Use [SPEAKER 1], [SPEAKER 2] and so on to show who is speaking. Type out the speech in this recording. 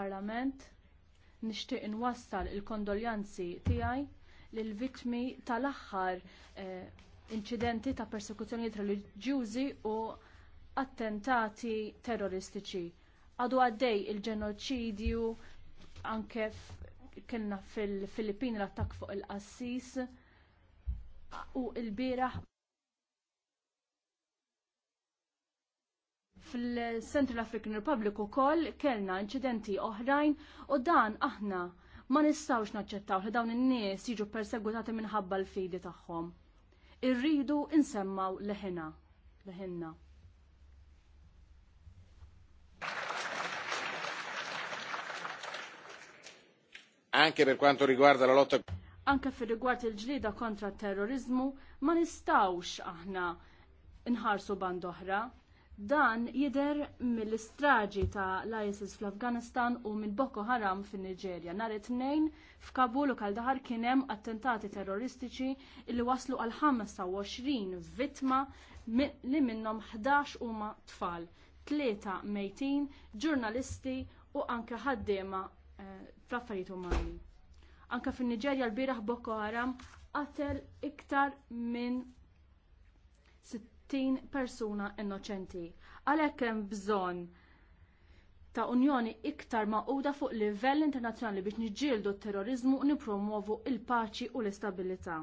[SPEAKER 1] tal-Parlament nixtieq inwassal il-kondoljanzi tiegħi lill vittmi tal-aħħar eh, inċidenti ta' persekuzzjonijiet reliġjużi u attentati terroristiċi. Għadu għaddej il-ġenoċidju anke kellna fil-Filippini l-attakk fuq il-Qassis u l-bieraħ fil-Central African Republic u koll kellna incidenti oħrajn u dan aħna ma nistawx naċċettaw li dawn in-nies jiġu persegwitati minħabba l-fidi tagħhom. Irridu insemmaw leħina, leħinna.
[SPEAKER 2] Anke per quanto riguarda la lotta
[SPEAKER 1] Anke fir rigward il-ġlida kontra t terrorizmu ma nistawx aħna nħarsu band oħra Dan jider mill-istraġi ta' l-ISIS fl-Afganistan u minn Boko Haram fin niġerja Nhar it-tnejn f'Kabul u kaldaħar kien hemm attentati terroristiċi li waslu għal 25 vittma li minnhom 11 huma tfal, tlieta mejtin, ġurnalisti u anke ħaddiema eh, fl-affarijiet umani. Anke fin niġerja l-bieraħ Boko Haram qatel iktar minn 60 persuna innoċenti. Għalhekk hemm bżonn ta' unjoni iktar maquda fuq livell internazzjonali biex niġġieldu t-terrorizmu u nipromuovu l paċi u l-istabilità.